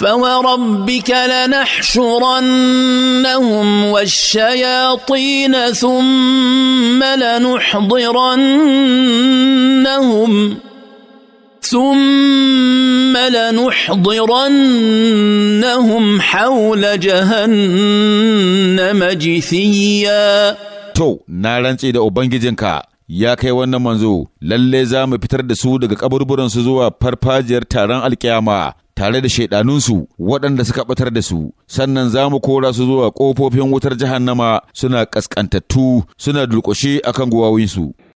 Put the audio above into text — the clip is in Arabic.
فوربك لنحشرنهم والشياطين ثم لنحضرنهم ثم لنحضرنهم حول جهنم جثيا تو نارن سيدا أوبنجيجنكا يا كي منزو للي زامي بترد سودك قبر برنس زوا پرپاجر تاران القيامة tare da shaidanunsu waɗanda suka ɓatar da su sannan za mu kora su zuwa ƙofofin wutar jahannama suna ƙasƙantattu suna dulƙushe akan guwawinsu